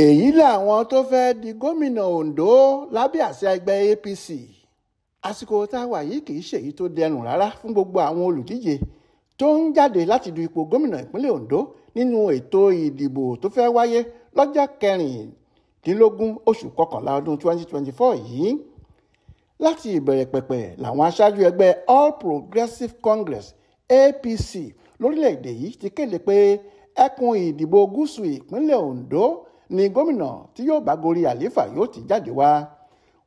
èyí làwọn tó fẹ́ẹ́ di gómìnà ondo lábẹ́ àsíá ẹgbẹ́ apc àsìkò tá a wà yìí kì í ṣèyí tó dẹrùn rárá fún gbogbo àwọn olùdíje tó ń jáde láti du ipò gómìnà ìpínlẹ̀ ondo nínú ètò ìdìbò tó fẹ́ wáyé lọ́jọ́ kẹrìndínlógún oṣù kọkànlá ọdún 2024 yìí láti ìbẹ̀rẹ̀ pẹ̀pẹ̀ làwọn aṣáájú ẹgbẹ́ all progressive congress apc lórílẹ̀‐èdè yìí ti kéde pé ẹkùn ìdìbò gúúsù ìpínlẹ̀ ondo ni gómìnà tí yóò bá gorí àlééfà yóò ti jáde wá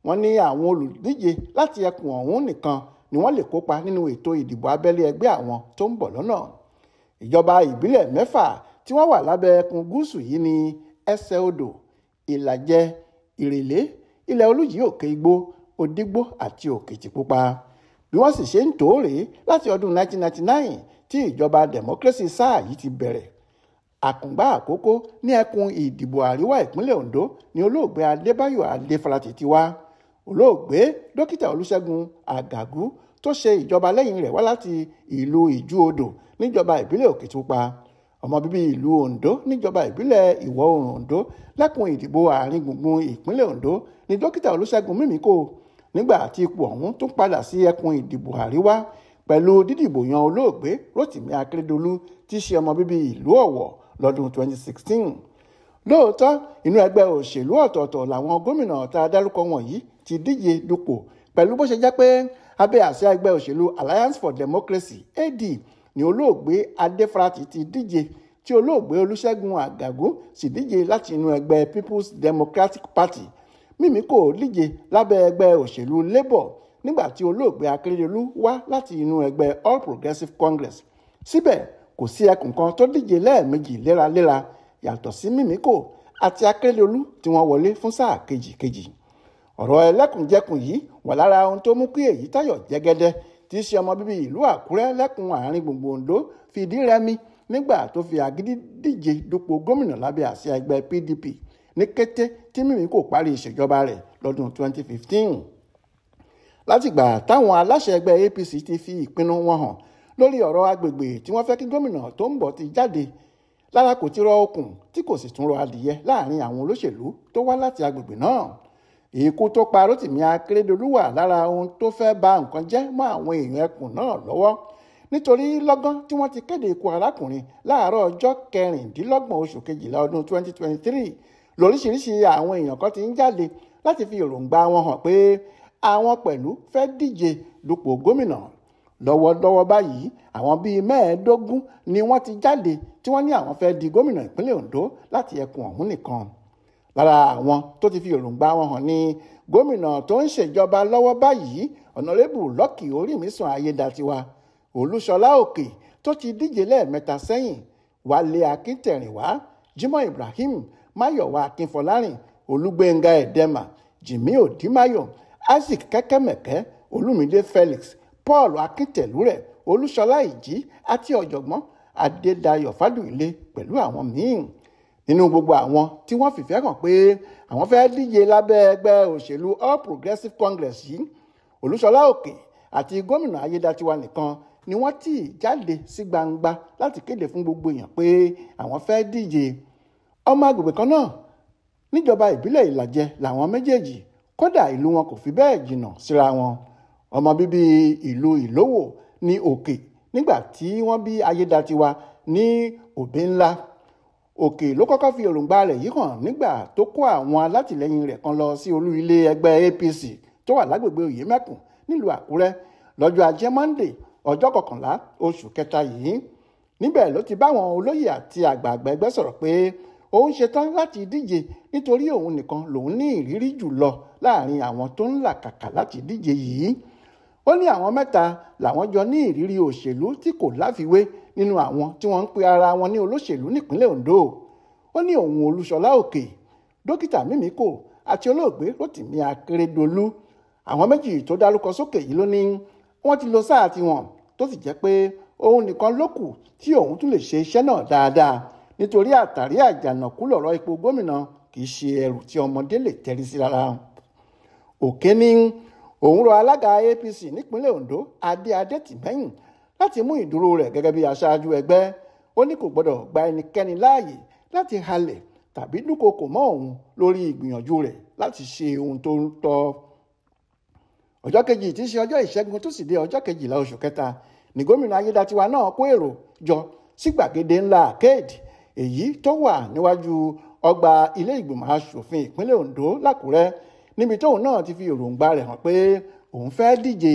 wọ́n ní àwọn olùdíje láti ẹkùn ọ̀hún nìkan ni wọ́n lè kópa nínú ètò ìdìbò abẹ́lé ẹgbẹ́ àwọn tó ń bọ̀ lọ́nà ìjọba ìbílẹ̀ mẹ́fà tí wọ́n wà lábẹ́ ẹkùn gúúsù yìí ni ẹsẹ̀ odò ìlàjẹ ìrèlé ilẹ̀ olúyì òkè igbó òdígbó àti òkìtìpupa bí wọ́n sì ṣe ń tòórè láti ọdún 1999 tí ìjọba democracy sáà yìí ti bẹ̀rẹ̀ àkùngbà àkókò ní ẹkùn ìdìbò àríwá ìpínlẹ̀ Ondo ni olóògbé Adébáyọ̀ Adéfálátì ti wá olóògbé dókítà Olúṣẹ́gun Àgàgú tó ṣe ìjọba lẹ́yìn rẹ̀ wá láti ìlú Ìjú Odò níjọba ìbílẹ̀ Òkìtúpa ọmọ bíbí ìlú Ondo níjọba ìbílẹ̀ ìwọ̀ oòrùn Ondo lẹ́kùn ìdìbò àárín gbùngbùn ìpínlẹ̀ Ondo ni dókítà Olúṣẹ́gun mímíkò nígbà tí ipò ọ̀hún tún padà sí ẹkùn ìdìbò àríwá pẹ̀lú dídìbò yan olóògbé Rotimi Akeredolu tí í ṣe ọmọ bíbí ìlú Ọ̀wọ̀ lọ́dún 2016 lóòótọ́ inú ẹgbẹ́ òṣèlú ọ̀tọ̀ọ̀tọ̀ làwọn gómìnà tá a dárúkọ wọ̀nyí ti díje dupò pẹ̀lú bó ṣe jẹ́ pé abẹ́ àṣẹ ẹgbẹ́ òṣèlú Alliance for Democracy AD ni olóògbé Adéfarati ti díje tí olóògbé Olúṣẹ́gun Àgàgó sì díje láti inú ẹgbẹ́ People's Democratic Party Mímíkò díje lábẹ́ ẹgbẹ́ òṣèlú Labour nígbà tí olóògbé Akérèdọ́lù wá láti inú ẹgbẹ́ All Progressives Congress síbẹ̀ kò sí ẹkùn kan tó díje lẹ́ẹ̀mejì léraléra yàtọ̀ sí mímíkò àti akérèdọ́lù tí wọ́n wọlé fún sáà kejìkejì ọ̀rọ̀ ẹlẹ́kùnjẹkùn yìí wà lára ohun tó mú kí Èyítayọ̀ Jẹ́gẹ́dẹ́ tí í ṣe ọmọ bíbí ìlú Àkúrẹ́ lẹ́kùn àárín gbùngbùn Oǹdó fìdí rẹmi nígbà tó fi àgídí díje dupò gómìnà lábẹ́ àsíá ẹgbẹ́ PDP ní kété tí mímíkò parí ìṣèjọba rẹ̀ lọ́dún 2015 látìgbà táwọn aláṣẹ ẹgbẹ́ APC ti fi ìpinnu wọn hàn lórí ọ̀rọ̀ agbègbè tí wọ́n fẹ́ kí gómìnà tó ń bọ̀ ti jáde lára kò ti rọ okùn tí kò sì tún rọ adìyẹ láàrin àwọn olóṣèlú tó wá láti agbègbè náà ikú tó pa Rótìmí Akérédolú wà lára ohun tó fẹ́ ba nǹkan jẹ́ mọ́ àwọn èèyàn ẹkùn náà lọ́wọ́ nítorí lọ́gán tí wọ́n ti kéde ikú arákùnrin láàárọ̀ ọjọ́ kẹrìndínlọ́gbọ̀n oṣù kejìlá ọdún 2023 lóríṣiríṣi àwọn èèyàn kan ti ń jáde láti fi èròǹgbà wọn hàn pé àwọn pẹ̀lú fẹ́ díje dupò gómìnà lọ́wọ́lọ́wọ́ báyìí àwọn bíi mẹ́ẹ̀ẹ́dógún ni wọ́n ti jáde tí wọ́n ní àwọn fẹ́ẹ́ di gómìnà ìpínlẹ̀ Ondo láti ẹkùn ọ̀hún nìkan lára àwọn tó ti fi èròǹgbà wọn hàn ní gómìnà tó ń ṣèjọba lọ́wọ́ báyìí ọ̀nàrẹ́bù Lọ́kì Orímìsàn Ayédatiwa Olúṣọlá Òkè tó ti díje lẹ́ẹ̀mẹ́ta sẹ́yìn Wálé Akíntẹ̀rìnwá Jimoh Ibrahim Máyọ̀wá Akínfọlárìn Olúgbénga Ẹ̀dẹ́mà Jimmy Odímáyọ̀ Isaac Kẹ́kẹ́mẹ̀kẹ́ Olúmídé Felix paul akíntẹ̀lúrẹ̀ olúṣọlá ìjì àti ọ̀jọ̀gbọ́n adédayọ̀ fádùnilé pẹ̀lú àwọn míín nínú gbogbo àwọn tí wọ́n fìfẹ́ hàn pé àwọn fẹ́ẹ́ díje lábẹ́ ẹgbẹ́ òṣèlú all progressives congress yìí olúṣọlá òkè àti gómìnà ayédatiwa nìkan ni wọ́n tì jáde sí gbangba láti kéde fún gbogbo èèyàn pé àwọn fẹ́ẹ́ díje ọmọ agbègbè kan náà níjọba ìbílẹ̀ ìlàjẹ làwọn méjèèjì kódà ìlú wọn kò fi bẹ́ẹ̀ jìnnà síra wọn ọmọ bíbí ìlú ìlówó ní òkè nígbà tí wọ́n bí ayédatiwa ní òbí ńlá òkè ló kọ́kọ́ fi èròǹgbà rẹ̀ yìí hàn nígbà tó kó àwọn alátìlẹyìn rẹ̀ kan lọ sí olú ilé ẹgbẹ́ APC tó wà lágbègbè Òyèmẹkùn nílùú Àkúrẹ́ lọ́jọ́ ajé monde ọjọ́ kọkànlá oṣù kẹta yìí níbẹ̀ ló ti báwọn olóyè àti àgbààgbà ẹgbẹ́ sọ̀rọ̀ pé òun ṣetán láti díje nítorí òun nìkan lòun ní ìrírí jù láàrin àwọn tó ń làkàkà láti díje yìí ó ní àwọn mẹ́ta làwọn jọ ní ìrírí òṣèlú tí kò láfiwé nínú àwọn tí wọ́n ń pe ara wọn ní olóṣèlú nípínlẹ̀ Ondo ó ní òun Olúṣọlá Òkè dókítà Mímíkò àti olóògbé Rotimi Akeredolu àwọn méjì tó dárúkọ sókè yìí ló ní wọ́n ti lọ sáà tiwọn tó sì jẹ́ pé òun nìkan ló tí òun tún lè ṣe iṣẹ́ náà dáadáa nítorí àtàrí àjànàkú lọ̀rọ̀ ipò gómìnà kì í ṣe ẹrù tí ọmọdé lè tẹrí sí rárá òkè ní òun rọ alága APC nípínlẹ̀ Ondo Adé Adétìmẹ́yìn láti mú ìdúró rẹ̀ gẹ́gẹ́ bí aṣáájú ẹgbẹ́ ó ní kò gbọ́dọ̀ gba ẹnikẹ́ni láàyè láti halẹ̀ tàbí dúnkokò mọ́ òun lórí ìgbìyànjú rẹ̀ láti ṣe ohun tó ń tọ́ ọjọ́ kejì tí í ṣe ọjọ́ ìṣẹ́gun tó sì dé ọjọ́ kejìlá oṣù kẹta ní gómìnà Ayédatiwa náà kó èrò jọ sí gbàgede ńlá arcade èyí tó wà níwájú ọgbà ilé ìgbìmọ̀ asòfin ìpínlẹ̀ Ondo l'Àkúrẹ́ níbi tóun náà ti fi èròǹgbà rẹ̀ hàn pé òun fẹ́ díje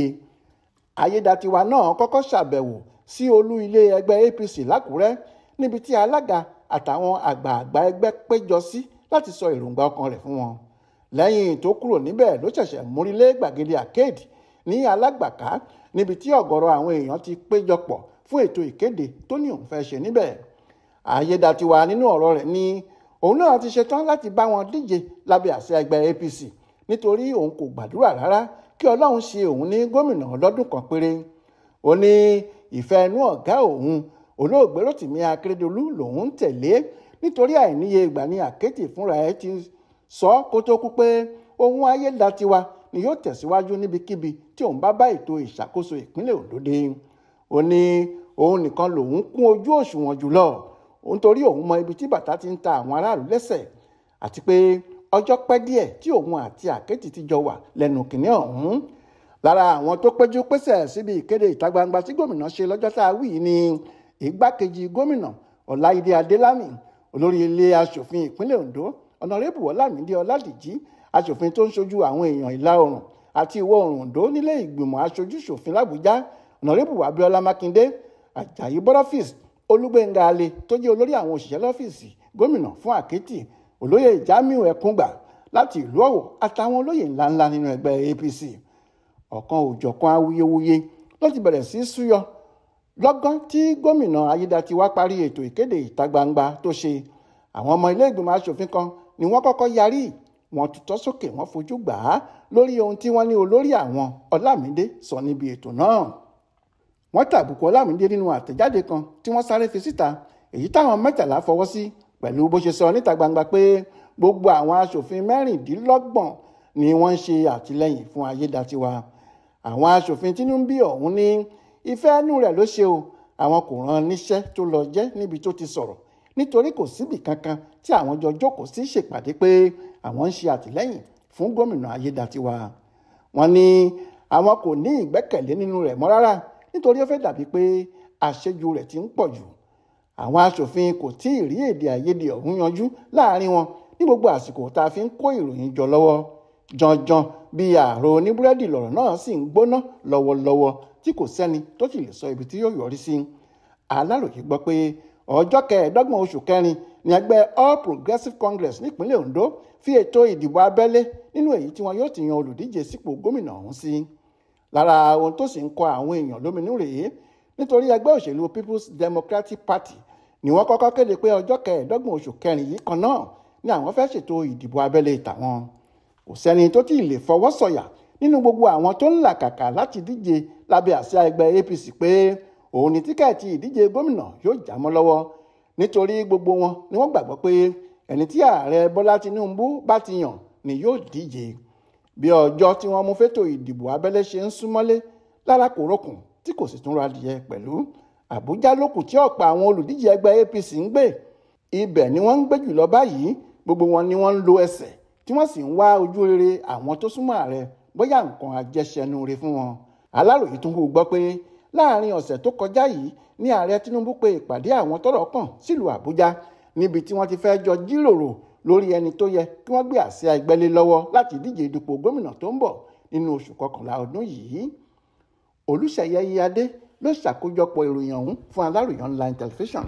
ayédatiwa náà kọ́kọ́ ṣàbẹ̀wò sí olú ilé ẹgbẹ́ APC lákùrẹ́ níbi tí alága àtàwọn àgbààgbà ẹgbẹ́ péjọ sí láti sọ èròǹgbà ọkàn rẹ̀ fún wọn lẹ́yìn tó kúrò níbẹ̀ ló ṣẹ̀ṣẹ̀ múrílé gbàgede arcade ní alágbàká níbi tí ọ̀gọ̀rọ̀ àwọn èèyàn ti péjọpọ̀ fún ètò ìkéde tó ní òun fẹ́ ṣe níbẹ̀ ayédatiwa nínú ọ̀rọ̀ rẹ̀ ni òun náà ti ṣetán láti bá wọn díje lábẹ́ àṣẹ ẹgbẹ́ APC nítorí òun kò gbàdúrà rárá kí ọlọ́run ṣe òun ní gómìnà ọlọ́dún kan péré ó ní ìfẹ́ inú ọ̀gá òun olóògbé Rotimi Akeredolu lòun tẹ̀lé nítorí àìníye ìgbà ni àkẹ́tì fúnra ẹ̀ ti sọ kó tó kú pé ohun ayé látiwa ni yóò tẹ̀síwájú níbikíbi tí òun bá bá ètò ìṣàkóso ìpínlẹ̀ Ondo ó ní òun nìkan lòun kún ojú òṣùwọ̀n jùlọ nítorí òun mọ ibi tí bàtà ti ń ta àwọn aráàlú lẹ́sẹ̀ àti pé ọjọ́ pẹ́ díẹ̀ tí òun àti àkẹ́tì ti jọ wà lẹ́nu kìnní ọ̀hún lára àwọn tó péjú pésẹ̀ síbi ìkéde ìta gbangba tí gómìnà ṣe lọ́jọ́ tá a wí ni igbákejì gómìnà ọláìdé adélámì olórí ilé asòfin ìpínlẹ̀ ondo ọ̀nàrẹ́bù ọlámídé ọládìjí asòfin tó ń ṣojú àwọn èèyàn ìlà oòrùn àti ìwọ̀ oòrùn ondo nílé ìgbìmọ̀ aṣojú ṣòfin làbújá ọ̀nàrẹ́bù abíọ́lá mákindé àjàyí bọ́dọ́fíìsì olúgbéngàlè tó jẹ́ olórí àwọn òṣìṣẹ́ lọ́fíìsì gómìnà fún àkẹ́tì olóyè Jamiu Ẹ̀kúngbà láti ìlú Ọ̀wọ̀ àtàwọn olóyè ńláńlá nínú ẹgbẹ́ APC ọ̀kan òjọ̀kan awuyewuye ló ti bẹ̀rẹ̀ sí súyọ lọ́gán tí gómìnà Ayédatiwa parí ètò ìkéde ìta gbangba tó ṣe àwọn ọmọ ilé ìgbìmọ̀ asòfin kan ni wọ́n kọ́kọ́ yarí wọ́n tutọ́ sókè wọ́n fojú gbà á lórí ohun tí wọ́n ní olórí àwọn Ọlámídé sọ níbi ètò náà wọ́n tàbùkù Ọlámídé nínú àtẹ̀jáde kan tí wọ́n sáré fi síta èyí táwọn mẹ́tàlá fọwọ́ sí pẹ̀lú bó ṣe sọ níta gbangba pé gbogbo àwọn aṣòfin mẹ́rìndínlọ́gbọ̀n ni wọ́n ń ṣe àtìlẹ́yìn fún Ayédàtiwa àwọn aṣòfin Tinubu ọ̀hún ní ìfẹ́ inú rẹ̀ ló ṣe o àwọn kò rán níṣẹ́ tó lọ jẹ́ níbi tó ti sọ̀rọ̀ nítorí kò síbì kankan tí àwọn jọ jókòó sí ṣèpàdé pé àwọn ń ṣe àtìlẹ́yìn fún gómìnà Ayédàtiwa wọ́n ní àwọn kò ní ìgbẹ́kẹ̀lé nínú rẹ̀ mọ́ rárá nítorí ó fẹ́ dàbí pé àṣejù rẹ̀ ti ń pọ̀ jù àwọn aṣòfin kò tí ì rí èdè àìyedè ọ̀hún yanjú láàrin wọn ní gbogbo àsìkò tá a fi ń kó ìròyìn jọ lọ́wọ́ janjan bí ààrò oníbúrẹ́dì lọ̀rọ̀ náà sì ń gbóná lọ́wọ́lọ́wọ́ tí kò sẹ́ni tó sì lè sọ ibi tí yóò yọrí sí aláròye gbọ́ pé ọjọ́ kẹẹ̀ẹ́dọ́gbọ̀n oṣù kẹrin ní ẹgbẹ́ All Progressives Congress nípínlẹ̀ Ondo fi ètò ìdìbò abẹ́lé nínú èyí tí wọn yóò ti yan olùdíje sípò gómìnà ọ̀hún sí lára ohun tó sì ń kọ àwọn èèyàn lóminú rèé nítorí ẹgbẹ́ òṣèlú People's Democratic Party ni wọ́n kọ́kọ́ kéde pé ọjọ́ kẹẹ̀ẹ́dọ́gbọ̀n oṣù kẹrin yìí kan náà ni àwọn fẹ́ ṣètò ìdìbò abẹ́lé tàwọn kò sẹ́ni tó tí ì lè fọwọ́ sọ̀yà nínú gbogbo àwọn tó ń làkàkà láti díje lábẹ́ àsíá ẹgbẹ́ APC pé òun ni tíkẹ́ẹ̀tì ìdíje gómìnà yóò já mọ́ lọ́wọ́ nítorí gbogbo wọn ni wọ́n gbàgbọ́ pé ẹni tí ààrẹ Bọ́lá Tinubu bá ti yàn ni yóò díje bí ọjọ́ tí wọ́n mú fétò ìdìbò abẹ́lé ṣe ń súnmọ́lé lálákòrókùn tí kò sì tún ra adìyẹ pẹ̀lú àbújá lókù tí ọ̀pọ̀ àwọn olùdíje ẹgbẹ́ apc ń gbé ibẹ̀ ni wọ́n ń gbé jùlọ báyìí gbogbo wọn ni wọ́n ń lo ẹsẹ̀ tí wọ́n sì ń wá ojú rere àwọn tó súnmọ́ ààrẹ bóyá nǹkan ajẹsẹnu re fún wọn aláròye tún kó gbọ́ pé láàrin ọ̀sẹ̀ tó kọjá yìí ni ààrẹ tinubu pe ìpàdé àwọn tọ́rọ̀ kàn sílùú àbújá níbi tí wọ́n ti fẹ́ jọ jíròrò lórí ẹni tó yẹ kí wọ́n gbé àsíá ẹgbẹ́ lọ́wọ́ láti díje dupò gómìnà tó ń bọ̀ nínú oṣù kọkànlá ọdún yìí olùṣeyẹ iyíadé ló ṣàkójọpọ̀ ìròyìn ọ̀hún fún aláròyìn online television.